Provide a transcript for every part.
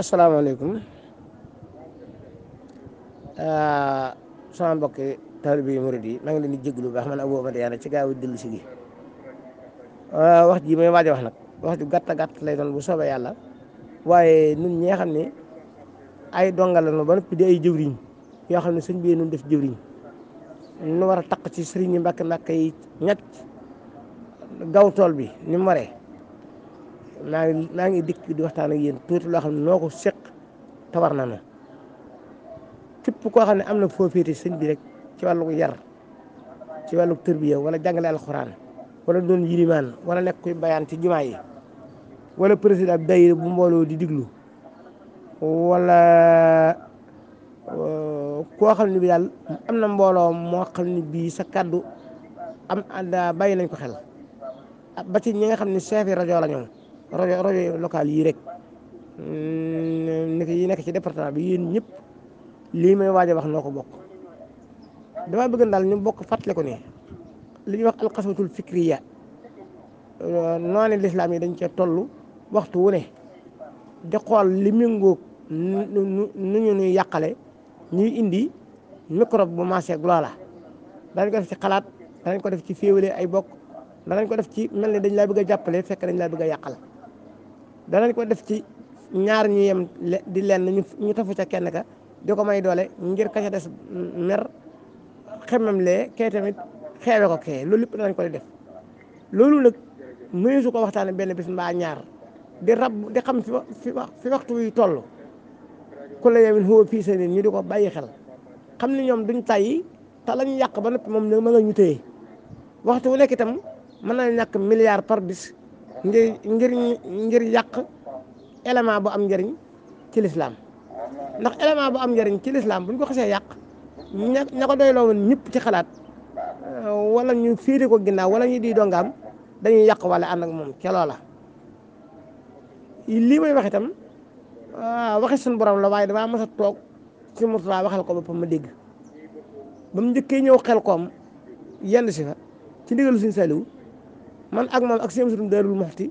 asalaamaaleykum ah, sama mbokki taalibe yi murid yi maa ngi leen di jéglu baax man Abou Madiyana ci gaaw a dellu si gi ah, wax ji may waaj a wax nag wax ju gàtt gàtt lay doon bu soobee yàlla waaye nun ñi xam ne ay dongal la ba noppi di ay jëwriñ yoo xam ne sëñ bi nun def jëwriñ nu war a taq ci sëriñ yi mbàkk mbàkk yi ñett gaw tool bi ni mu waree naa naa ngi dikk di waxtaan ak yéen tuuti loo xam noo ko seq te war na na képp koo xam ne am na foo féete sëñ bi rek ci wàllu yar ci wàllu tërbiya wala jàngale alxuraan wala doon yilimaan wala nekk kuy bayaan ci jumaa yi wala président daayira bu mbooloo di diglu wala euh, koo xam ne bi daal am na mbooloo moo xam ne bii sa kaddu am da bàyyi nañ ko xel ba ci ñi nga xam ne chef rajo la ñoom rajo rajo locale yi rek mm, nekk yi nekk ci département bi yéen ñëpp lii may waaj wax noo ko bokk dama bëgg daal ñu bokk fàttali ko ne li ñuy wax alxaswatul fikriya euh, noone lislaam yi dañ cee tollu waxtu wu ne di xool li méngóog nu ñu nuy yàqale ñuy indi microbe bu maaseeg loola danañ ko def ci xalaat danañ ko def ci féewale ay bokk danañ ko def ci mel ne dañ laa bëgg a jàppale fekk dañ laa bëgg a yàqal danañ ko def ci ñaar ñu yem di lenn ñu tafu ca kenn ka di ko may doole ngir ka ca des mer xemam lee kee tamit xeewe ko kee loolu lépp lañ ko di def loolu nag mënu ko waxtaane benn bis mbaa ñaar di rab xam fi fi waxtu wi toll ku la yemin ñu di ko bàyyi xel xam ni ñoom duñ tàyyi te lañu yàq ba noppi moom ne ma nga ñu téye waxtu wu nekk itam mën na ñàkk milliard par bis ngir ngir ngir yàq élément bu am njëriñ ci lislaam ndax élément bu am njëriñ ci lislaam buñ ko xasee yàq ña ña ko doyloo woon ñëpp ci xalaat euh, wala ñu fiiri ko ginnaaw wala ñu di dongaam dañuy yàq wala ànd ak moom ca loola lii may wax itam euh, waxe suñu borom la waaye damaa mës a toog ci Murtala waxal ko boppam ma dégg ba mu ñëw xel koom yenn si fa ci ndigalu suñu saliw man ak moom ak sëñ Amsatou Darou Mouhty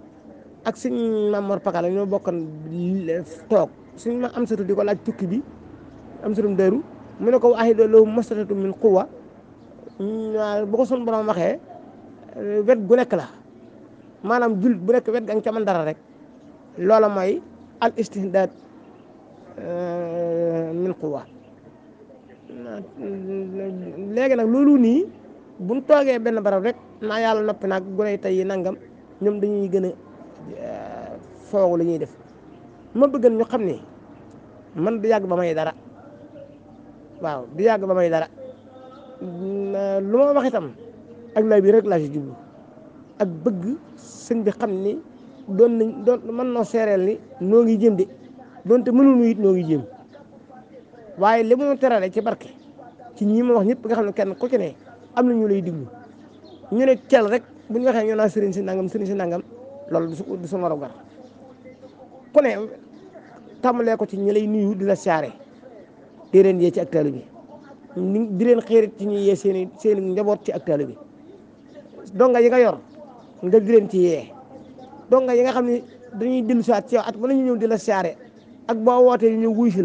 ak sëñ Mame Mor Pakala ñoo bokkoon toog sëñ ma Amsatou di ko laaj tukki bi Amsatou Darou mu ne ko wa ahida lahu mastata'tum min quwwa bu ko sun borom waxee eh, wet gu nekk la maanaam jullit bu nekk wet ga nga dara rek loola mooy al istihdaad eh, min quwwa léegi nag loolu nii bu toogee benn barab rek naa yàlla noppi nag gone tey yi nangam ñoom dañuy gën a eh, foogu li ñuy def ma bëgg ñu xam ni man du yàgg ba may dara waaw du yàgg ba may dara lu ma wax itam ak lay bi rek laa ci jublu ak bëgg sëñ bi xam ni doon nañ doon mën noo seereel ni noo ngi jëm de doonte mënuñu it noo ngi jëm waaye li mu terale ci barke ci ñii ma wax ñëpp nga xam ne kenn ku ci ne am na ñu lay diglu ñu ne kel rek bu ñu waxee ñu naan sëriñ si nangam sëriñ si loolu du suñu war a gar ku ko ci ñi lay nuyu di la saare di leen ci ak taalibe bi di leen xiirit ci ñuy yee seeni seeni njaboot ci ak taalibe bi donga yi nga yor nga di ci yee donga yi nga xam ne dañuy dellu si waat ci yow at mën nañu ñëw di la saare ak boo wootee ñu wuy si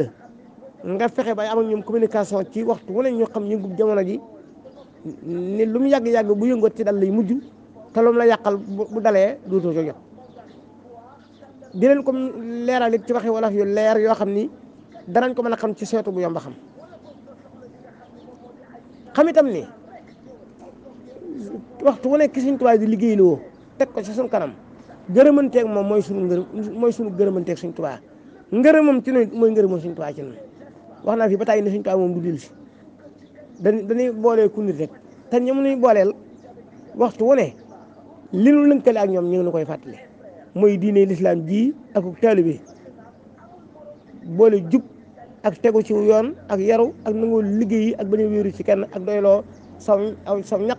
fexe bay am ñoom communication ci waxtu wu ne ñu xam yëngu jamono ji ni lu mu yàgg-yàgg bu yëngoot ci dal lay mujj te lu la yàqal bu dalee duutoo ko jot di leen comme leeral ci waxi wolof yu leer yoo xam ni danañ ko mën a xam ci seetu bu yomb a xam xam itam ni waxtu wu nekk suñ Tuubaa di liggéey loo teg ko ci suñ kanam gërëmanteeg moom mooy sunu ngërëm mooy sunu gërëmanteeg Sëriñ Tuubaa ngërëmam ci noonu mooy ngërëmoo Sëriñ Tuubaa ci noonu wax naa fi ba tàyyi ne Sëriñ Tuubaa moom du dellusi dañuy boole ku nit rek te ñoom ñuy booleel waxtu wu ne li nu lëkkale ak ñoom ñu ngi nu koy fàttali mooy diine lislaam ji ak taalu bi boole jub ak tegu ci yoon ak yaru ak nangoo liggéey ak bañ a ci kenn ak doyloo saw aw saw ñaq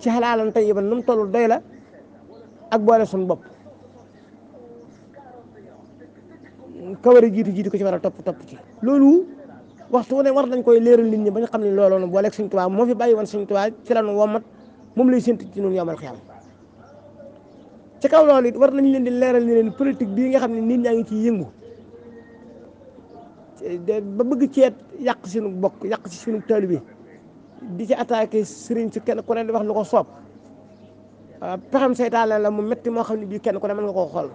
ci xalaalan tey ba nu mu toll doy la ak boole suñu bopp kawar a jiitu jiitu ko ci war a topp topp ci loolu. waxtu wu ne war nañ koy leeral nit ñi ba ñu xam ne looloo nu booleeg Sëñ Tuubaa moo fi bàyyi woon Sëñ Tuubaa moom lay séntu ci ñun yomal xiyam ci kaw loolu war nañ leen di leeral ni leen politique bii nga xam ne nit ñaa ngi ci yëngu ba bëgg ceet yàq suñu bokk yàq si suñu bi di ci attaqué sëriñ si kenn ku ne di wax lu ko soob ah, pexem seytaane la mu métti moo xam ne bii kenn ku ne mën nga koo xool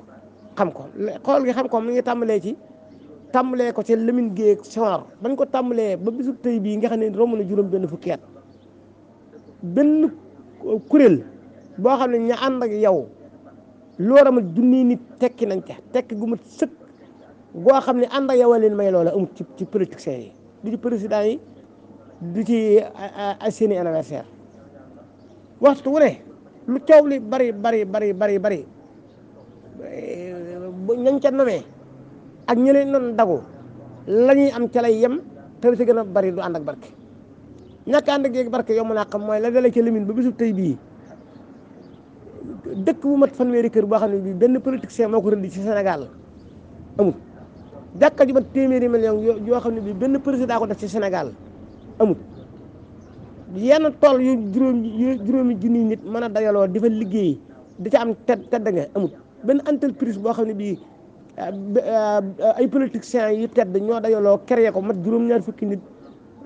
xam ko xool gi xam ko mu ngi tàmbalee ci tàmbalee ko ci Lamine Gueye ak Senghor bañ ko tàmbalee ba bisu tey bii nga xam ne romb na juróom benn fukki at benn kuréel boo xam ne ña ànd ak yow loola ma junni nit tekki nañ ca tekki gu ma sëkk goo xam ne ànd ak yow leen may loola amut ci ci politiciens yi du ci président yi du ci ay seeni anniversaire waxtu wu ne lu coow li bari bari bari bari bari eh, ñañ ca nomee ak ñeneen noonu dagu la ñuy am ca yem te li si gën a bari du ànd ak barke ñàkk ànd ak barke yow mën naa xam mooy la dalee ca limin ba bisub tey bii dëkk bu mat fanweeri kër boo xam ne bii benn politicien moo ko ci Sénégal amul jàkka ju mat téeméeri million yoo xam ne bii benn président ko def ci senegal amul yenn tool yu juróom juróomi junniy nit mën a dayaloo di fa liggéey di ca am tedd tedd nga amul benn entreprise boo xam ne bii Euh, ay politiciens yi tedd ñoo dajaloo créé ko mat juróom-ñaar fukki nit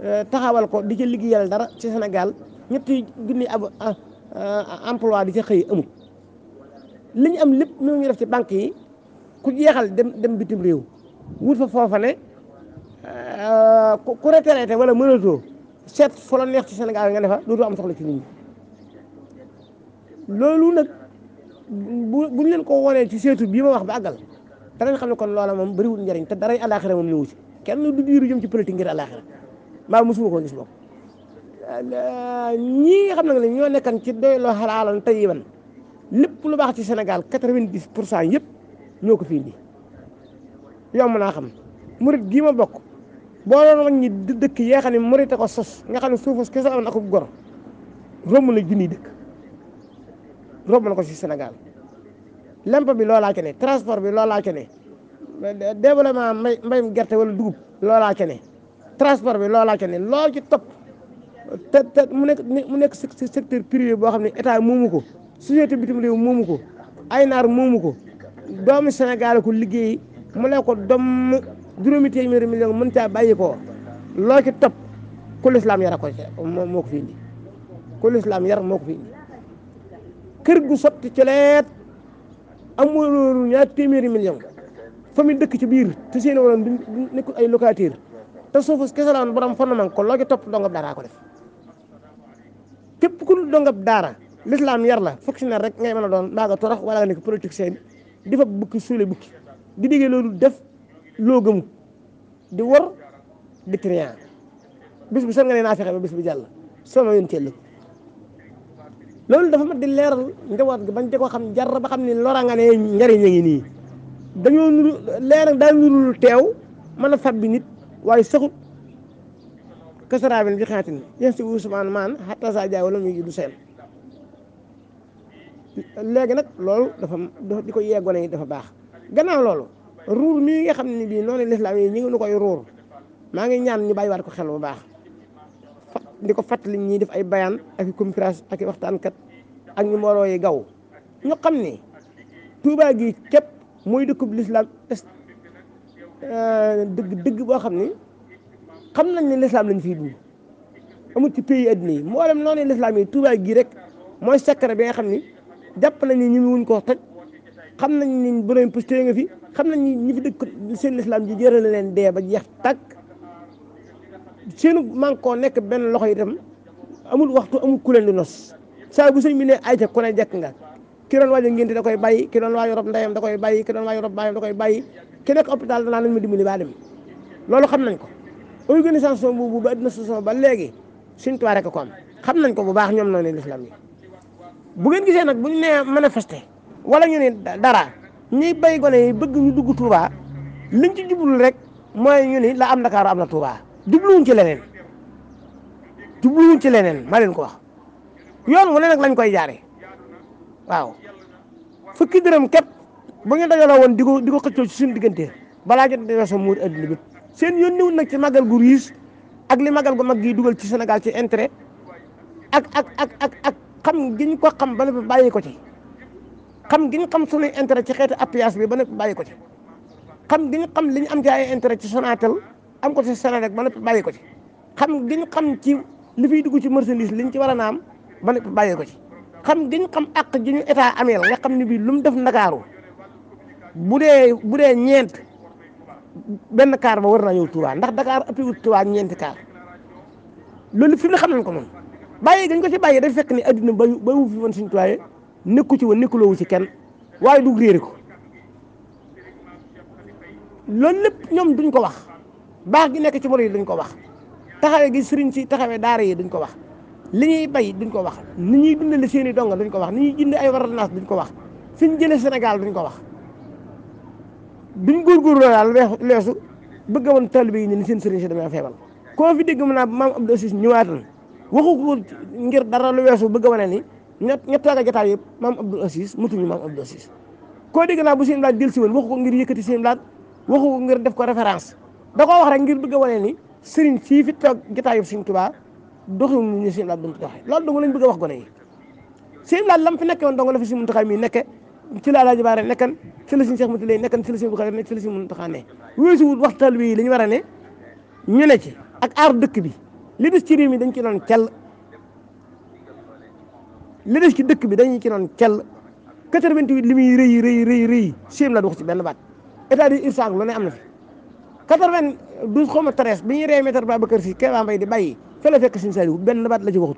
euh, taxawal ko di ci liggéeyal dara ci Sénégal ñetti junni ab euh, emploi di ca xëy amul li ñu am lépp ñoo ñu def ci banque yi ku jeexal dem dem bitim réew wut fa foofa ne ku retraité wala mënatoo seet fu la neex ci Sénégal nga defa dootoo am soxla ci nit ñi loolu nag bu buñ leen ko wonee ci seetu bii ma wax ba àggal danañ xam ne kon loola moom bëriwul njëriñ te daray alaxira moom ñëwu ci kenn du diiru jëm ci politique ngir alaxira maa mosuma koo gis moom euh, ñii nga xam ne ñoo nekkan ci doy loo xalaalan tayiban lépp lu baax ci Sénégal quatre-vingt-dix pour cent yëpp ñoo ko fi indi yomb naa xam murit gii ma bokk boo doon wañ ñi dëkk yee xam ne murit a ko sos nga xam ne suufas kese am na ko gor romb na junniy dëkk romb na ko ci Sénégal lemp bi loolaa ke ne transport bi loolaa ke ne développement mbay mbayum gerte wala dugub loolaa ke ne transport bi loolaa ke ne lool ci topp te mu nekk nekk secteur privé boo xam ne état moomu ko société bitim réew moomu ko ay naar moomu ko doomu Sénégal ko liggéey mu ne ko domm juróomi téeméeri million mën caa bàyyi ko loo ci topp ku lislaam yar ko moo ko fi indi ku lislaam yar moo ko fi indi kër gu sotti ci amul ñaa téeméeri million famille dëkk ci biir te seen waloon du nekkul ay locataire te suufu kese la woon borom fondement ko loo ci topp dongab daaraa ko def képp ku dongab daara l'islam yar la fonctionnaire rek ngay mën a doon mbaa nga torox wala nga nekk politicien di fa bukki suule bukki di déggee loolu def loo di war di trian bis bu seen nga ne naa fexe ba bis bi jàll soo ma yónni loolu dafa mat di leeral njaboot gi bañ di ko xam jar ba xam ne lora nga ne njëriñ la ngi nii dañoo nuru leeral daa lu teew mën a fab bi nit waaye saxut kasaraa bi di xaatin yéen si Ousmane maan xataa saa jaay wala muy du seen léegi nag loolu dafa di ko yeegoon yi dafa baax gannaaw loolu ruur mii nga xam ne bii noonu lislaam yi ñu ngi nu koy ruur maa ngi ñaan ñu waat ko xel bu baax di ko fàttali ñuy def ay bayaan ak i conférence ak i waxtaankat ak ñu mbooloo yi gaw ñu xam ne Touba gi képp mooy dëkkub lislaam euh, dëgg dëgg boo xam ne xam nañ ne lislaam lañ fi dund amul ci pays adduna yi mboolem noonu lislaam yi Touba rek mooy secret bi nga xam ni jàpp nañ ne ñu wuñ ko toj xam nañ ne borom posté nga fi xam nañ ne ñi fi dëkk seen lislaam ji jëral leen dee ba jeex tàkk seenu man koo nekk benn loxo yi dem amul waxtu amul ku leen di nos saa bu sëñ bi ne ayta ku ne jekk nga ki doon waaj a da koy bay ki doon waaj a ndeyam da koy bay ki a rob baayam da koy bàyyi ki nekk hôpital danaa nañ ma dimbali baa dem loolu xam nañ ko organisation boobu ba addina sosoo ba léegi suñ tuwaa rek ko am xam nañ ko bu baax ñoom noonu l'islam yi bu ngeen gisee nag bu ñu nee manifester wala ñu ne dara ñuy bay gone yi bëgg ñu dugg Touba liñ ci jublu rek mooy ñu la am Dakar am na Touba jubluwuñ ci leneen jubluwuñ ci leneen ma leen ko wax yoon wu ne nag lañ koy yaare waaw fukki dërëm képp bu ñu dajaloo woon di ko di ko xëccoo ci suñu diggante balaa jot dina so muur adduna bi seen yoon niwul nag ci màggal gu riis ak li màggal gu mag gi dugal ci Sénégal ci intérêt ak ak ak ak ak xam giñ ko xam ba ne bàyyi ko ci xam giñ xam suñuy intérêt ci xeetu appuyage bi ba ne bàyyi ko ci xam giñ xam liñ am ci ay intérêt ci Sonatel am ko ci solo rek ba lépp bàyyi ko ci xam giñ xam ci li fiy dugg ci marchandise liñ ci war a naam ba lépp bàyyi ko ci xam giñ xam ak ji ñu état ameel nga xam ni bii lu mu def ndakaaru bu dee bu dee ñeent benn kaar ba war naa ñëw Touba ndax Dakar ëpp wut Touba ñeenti kaar loolu fi mu xam nañ ko moom bàyyi gañ ko ci bàyyi dafa fekk ni adduna ba ba wu fi woon suñu nekku ci woon nekkuloowu ci kenn waaye du réere ko loolu lépp ñoom duñ ko wax baax gi nekk ci murid yi duñ ko wax taxawee gi sëriñ si taxawee daara yi duñ ko wax li ñuy bay duñ ko wax ni ñuy dundale seen i donga duñ ko wax ni ñuy jënd ay ordonnance duñ ko wax ñu jëlee Sénégal duñ ko wax duñ góorgóorlu daal leesu bëgg woon taalibe yi ne ni seen sëriñ si damay feebal koo fi dégg mu naa maam Abdou Assis ñëwaatan waxu ko ngir dara lu weesu bëgg wane ni ñett ñett tooga jotaay yëpp maam Abdou Assis mutuñu maam Abdou Assis koo dégg naa bu seen laaj jël si woon waxu ko ngir yëkkati seen laaj waxu ko ngir def ko référence da koo wax rek ngir bëgg a wane ni sëriñ sii fi toog jotaayub Sëriñ Tuubaa doxul ñu ñu sëriñ Abdou doon doxee loolu dong lañ bëgg a wax gone yi sëriñ Abdou lam fi nekkee woon dong la fi Sëriñ Muntaxaa mi nekke ci la Alaaji Baare nekkan ci la Sëriñ Seex Mati Lay nekkan ci la Sëriñ Buxaari nekk ci la Sëriñ Muntaxaa ne weesuwul waxtaan wi li war a ne ñu ne ci ak aar dëkk bi li des ci réew mi dañ ci doon cell li des ci dëkk bi dañu ci doon cell 88 li muy rëy rëy rëy rëy sëriñ Abdou wax ci benn baat état d'urgence lu ne am na fi quatre-vingt-douze xaw ma treize bi ñuy rey maître Babacar Sy ba Mbaye di bàyyi fa fekk Sëñ Saliou benn baat la ci waxut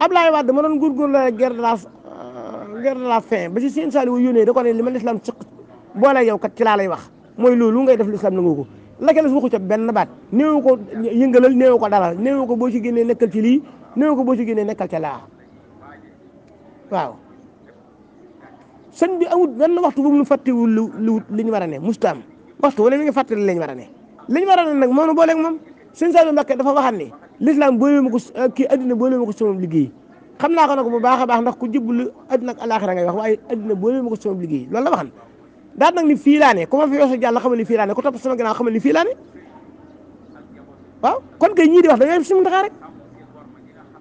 Abdoulaye Wade ma doon góorgóorlu la guerre de la euh, guerre de la fin ba ci Sëñ Saliou yónnee da ko ne li ma lislam ci boole yow kat ci laa lay wax mooy loolu ngay def lislam nangu ko lakeles waxu ca benn baat néew ko yëngalal néew ko dalal néew ko boo ci génnee nekkal ci lii néew ko boo ci génnee nekkal ca laa waaw sëñ bi amul benn waxtu bu mu fàttewul li ñu war a ne mustaam waxtu wala mi ngi fàttali lañ war a ne liñ war a ne nag moom sëñ Saliou Mbacké dafa waxaat ne l'islam boole ma ko kii addina boole ma ko sama liggéey xam naa ko nag bu baax a baax ndax ku jublu addina ak alaxira ngay wax waaye addina boole ma ko sama liggéey loolu la waxan daal nag ni fii laa fi yoosu jàll xamal ni fii laa ne ku topp sama ginnaaw ni fii kon kay ñii di wax da yem suñu taxaa rek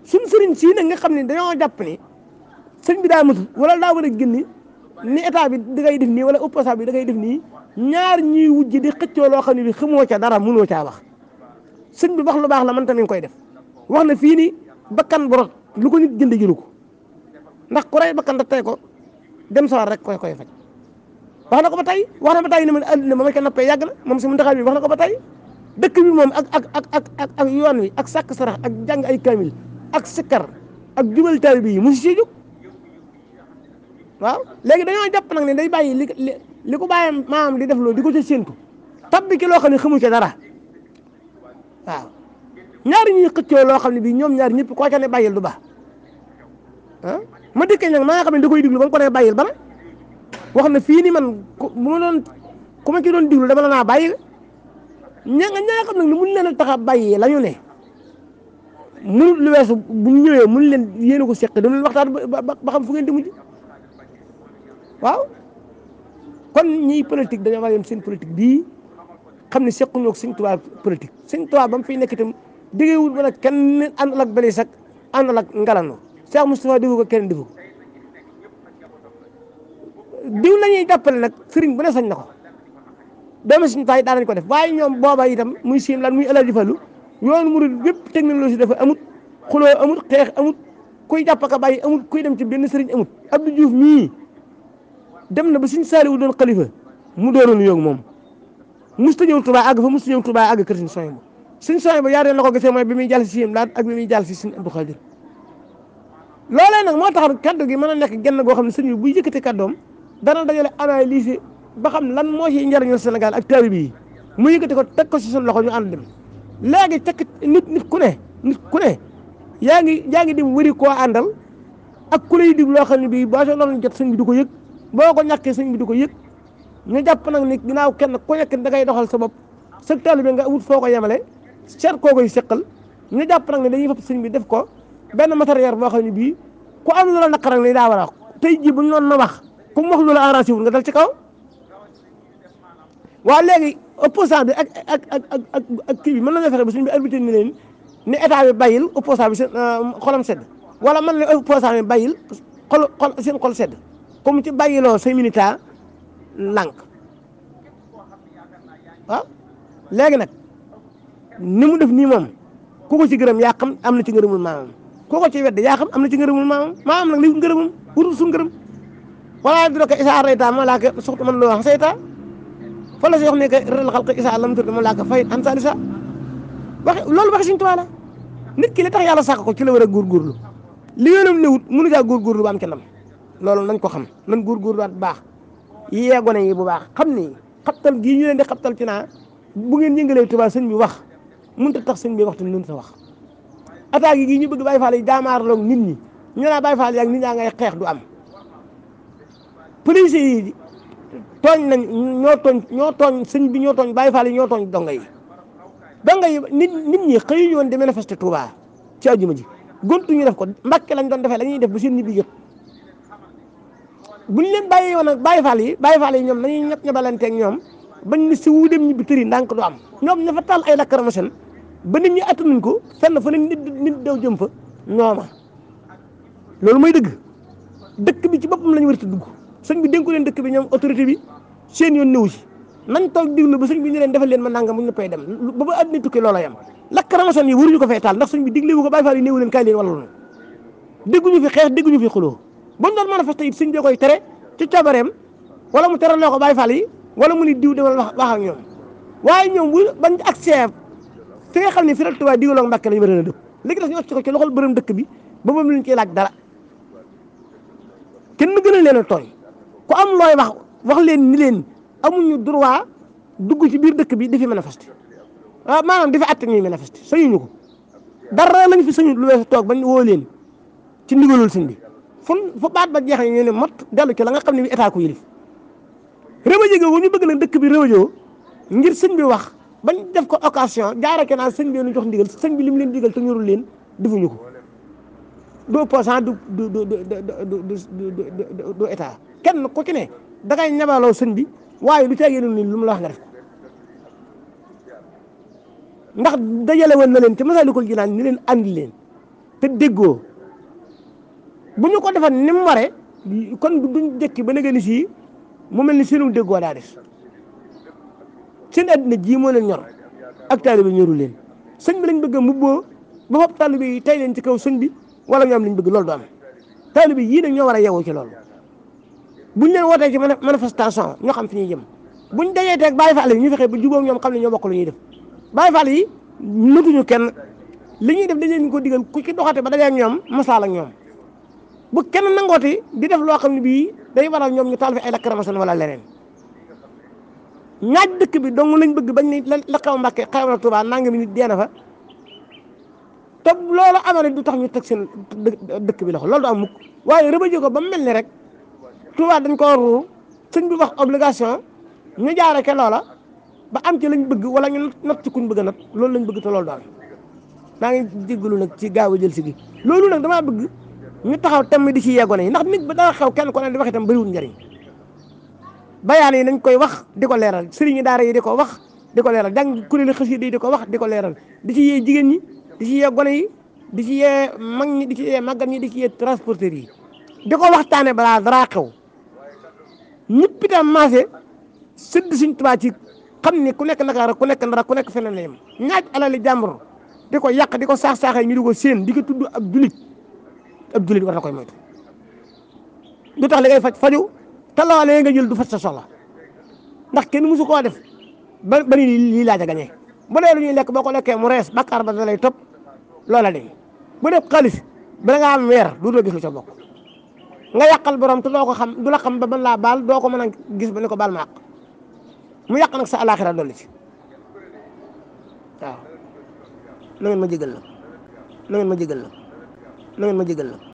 suñ sëriñ sii nga xam ne dañoo jàpp ni sëñ bi daa matul wala daa war a génn ni état bi da ngay def nii bi da ngay def nii ñaar ñuy wujj di xëccoo loo xam ne bi xamoo ca dara mënoo caa wax sëñ bi wax lu baax la man tamit koy def wax na fii ni bakkan borot lu ko nit jënd ko ndax ku bakkan da tey ko dem sawar rek koy koy faj wax na ko ba tey wax na ba tey ne man àddina ba ma ca noppee yàgg na moom si muntaxaa bi wax na ko ba tey dëkk bi moom ak ak ak ak ak ak yoon wi ak sàkk sarax ak jàng ay kaamil ak sikkar ak jubal taalibe yi mosu siy jóg waaw léegi dañoo jàpp day bàyyi li ko bàyyam maam di def loolu di ko ca séentu tab bi ki loo xam ne xamu ca dara waaw ñaari ñuy xëccoo loo xam ne bii ñoom ñaar ñëpp koo ca ne bàyyil du baax ah ma dikkee nag maa nga xam ne da koy diglu ba mu ko ne bàyyil ba wax na fii ni man ku ma doon ku ma ci doon diglu dama la naa bàyyi ña nga ñaa xam nag lu mun leen a tax a bàyyi la ne mënut lu weesu bu ñëwee mun leen yéen a ko seq dañu waxtaan ba xam fu ngeen di mujj kon ñiy politique dañoo war a yem seen politique bii xam ne sequñoo ak Sëñ Tuubaa politique Sëñ Tuubaa ba mu fiy nekk itam déggewul wala kenn àndal ak bële sax àndal ak ngalano Cheikh Moustapha déggu ko kenn déggu ko diw la ñuy jàppale nag sëriñ bu ne sañ na ko doomi Sëñ Tuubaa yi ko def waaye ñoom booba itam muy siin lan muy Alaaji Fallu yoonu murid bépp technologie dafa amut xuloo amut xeex amut kuy jàpp ka bàyyi amut kuy dem ci benn sëriñ amut Abdou Diouf mii dem na ba Sëñ Saaliwu doon kalifa mu dooroon yoog moom musta ñëw Tuubaa àgg fa musta ñëw Tuubaa àgg kër Sëñ Soy ba Sëñ Soy ba yaareen la ko gisee mooy bi muy si yéem laat bi muy jàll si Sëñ Abdu Xaadir loolee nag moo tax kaddu gi mën a nekk genn goo xam ne sëñ bi buy yëkkati kaddoom dana dajale analyse ba xam lan moo ci njëriñu ak taalibe yi mu yëkkati ko teg ko si suñu loxo ñu ànd dem tekk nit nit ku ne ku ne yaa ngi yaa ngi dem wëri koo ak ku lay dig xam ne bii boo soo doon jot sëñ bi du ko yëg boo ko ñàkkee sëñ bi du ko yëg ñu jàpp nag ni ginnaaw kenn ku nekk da ngay doxal sa bopp sëg taalu bi nga wut foo ko yemale seet koo koy seqal ñu jàpp nag ne dañuy fab sëñ bi def ko benn matériel boo xam ne bii ko am lu la naqar ni daa war a wax tey jii bu ñu doon na wax ku wax lu la arrangé wul nga dal ci kaw waa léegi opposant bi ak ak ak ak ak kii bi mën nañoo fexe ba sëñ bi ni leen ni état bi bàyyil opposant bi seen euh, xolam sedd wala man la opposant bi bàyyil xol xol seen xol sedd comme ci bàyyiloo say minita lànk waaw léegi nag ni mu def nii moom ku ko ci gërëm yaa xam am na ci ngërëmul maamam ku ko ci wedd yaa xam am na ci ngërëmul maamam maamam nag li ngërëmum wutul suñu ngërëm wala di ko isaa rayta ma laa ko suxtu man loo wax sayta fa la si wax ne que ral xal ko isaa lam turdi ma laa ko fay an salisa wax loolu waxi suñu tubaab la nit ki li tax yàlla sàkk ko ci la war a góorgóorlu li yoonam newut mënu jaa góorgóorlu ba am ca ndam loolu nañ ko xam nan góorgóorluwaat bu baax yee gone yi bu baax xam ni xabtal gii ñu leen di xabtal ci naa bu ngeen yëngalee tubaab sëñ mi wax mënut a tax sëñ bi waxtu bi mënut a wax. attaques yi ñu bëgg Baye Fall yi jaamaarloog nit ñi ñu naa Baye Fall yi ak nit ñaa ngay xeex du am police yi tooñ nañ ñoo tooñ ñoo tooñ sëñ bi ñoo tooñ Baye Fall yi ñoo tooñ donga yi. donga yi nit nit ñi xëyuñu woon di manifester Touba ci àjjuma ji gontu ñu def ko Mbàkke lañ doon defee la ñuy def bu seen ñibbi yëpp. bu ñu leen bàyyi woon ak bàyyi faal yi bàyyi faal yi ñoom dañuy ñëpp ñabalanteeg ñoom bañ ni si wu dem ñibbi tëri ndànk du am ñoom ña fa taal ay ba nit ñi attanuñ ko fenn fa nit nit daw jëm fa ñooma loolu mooy dëgg dëkk bi ci boppam la ñu war a dugg sëñ bi denku leen dëkk bi ñoom autorité bi seen yoon néew si nañ toog diglu ba sëñ bi ñu leen defal leen ma nangam bu ñu pay dem ba ba àddina tukki loola yam lacrymogène yi waruñu ko fay taal ndax sëñ bi diglewu ko bàyyi faal yi néewu leen kaay leen wala dégguñu fi xeex bu ñu doon manifester it sëñ bi koy tere ci coobareem wala mu teraloo ko Baay Faal yi wala mu ni diw demal wax wax ak ñoom waaye ñoom bu bañ accès fi nga xam ne fi la Tuubaa digaloo ak Mbàkke lañu war a dëpp léegi nag ñu wàcc ko ci loxol bërëm dëkk bi ba moom lañ ciy laaj dara gën a leen a tooñ ku am looy wax wax leen ni leen amuñu droit dugg ci biir dëkk bi di fi manifester waaw ah, maanaam di fi àtte ñuy manifester sañuñu ko dara lañ fi sañu lu weesu toog bañ woo leen ci ndigalul sëñ bi fu fu baat ba jeexee ñu ne mot dellu ci la nga xam ne bi état ko yilif rëbëjëge wu ñu bëgg leen dëkk bi rëbëjoo ngir sëñ bi wax ba def ko occasion jaare ke naa sëñ bi ñu jox ndigal sëñ bi lim leen digal te ñorul leen defuñu ko du opposant du du du du état kenn ku ci ne dangay ñabaloo sëñ bi waaye du caa yéene ni lu mu la wax nga def ko ndax dajale woon na leen ci Masaalikul leen andi leen te déggoo. bu ñu ko defoon ni mu waree kon duñ jëkki ba léegi ni sii mu mel ni sunu déggoo daa des seen àddina jii moo leen ñor ak taalibe ñoru leen sëñ bi lañ bëgg a mubboo ba fab taalibe yi tay leen ci kaw sëñ bi wala ñoom lañ bëgg loolu du am taalibe yii nag ñoo war a yeewoo ci loolu buñ leen wootee ci manifestation ñoo xam fi ñuy jëm bu ñu dajee teeg bàyyi faal yi ñu fexe ba jubóog ñoom xam ne ñoo bokk lu ñuy def bàyyi faal yi nutuñu kenn li ñuy def dañ leen ko digal ku ci doxate ba dajee ak ñoom masaal ak ñoom bu kenn nangooti di def loo xam ne bii day waral ñoom ñu taal fi ay la ramasal wala leneen ñaaj dëkk bi dong lañ bëgg bañ ne la xew Mbàkke xew na Tuubaa nangam nit dee na fa te loolu amana du tax ñu teg seen dëkk bi loxo loolu du am mukk waaye rëbëjee ko ba mu mel rek Tuubaa dañ koo ruu sëñ bi wax obligation ñu jaare ke loola ba am ci lañ bëgg wala ñu not ci kuñ bëgg a not loolu lañ bëgg te loolu daal maa ngi jéggalu nag ci gaaw a jël si gi loolu nag damaa bëgg. ñu taxaw tam di ci yeegone yi ndax nit dara xew kenn ko ne di wax itam bëriwul njëriñ bayaan yi nañ koy wax di ko leeral sëriñu daara yi di ko wax di ko leeral jàng di ko wax di ko leeral di ci yee jigéen ñi di ci yee gone yi di ci yee mag ñi di ci yee màggat ñi di ci yee yi di ko waxtaane balaa dara xew ñëpp itam maase sëdd suñ tubaa ci xam ni ku nekk Ndakaar ku nekk Ndar ku nekk feneen la yem ñaaj alali jàmbur di ko yàq di ko saax-saaxee ñu di ko séen di ko tudd ab julit ab jullit war na koy moytu du tax li ngay faj faju te loolee nga jël du faj sa soxla ndax kenn musu koo def ba ba ni lii laaj a gañee bu dee lu ñuy lekk boo ko lekkee mu rees bakkaar ba da lay topp loola de bu dee xaalis bala nga weer du doo gis lu bokk nga yàqal borom te doo ko xam du la xam ba ban laa baal doo ko mën a gis ba ne ko baal ma àq mu yàq nag sa alaxira dolli ci waaw na ma jégal la na ma jégal la na ngeen ma jégal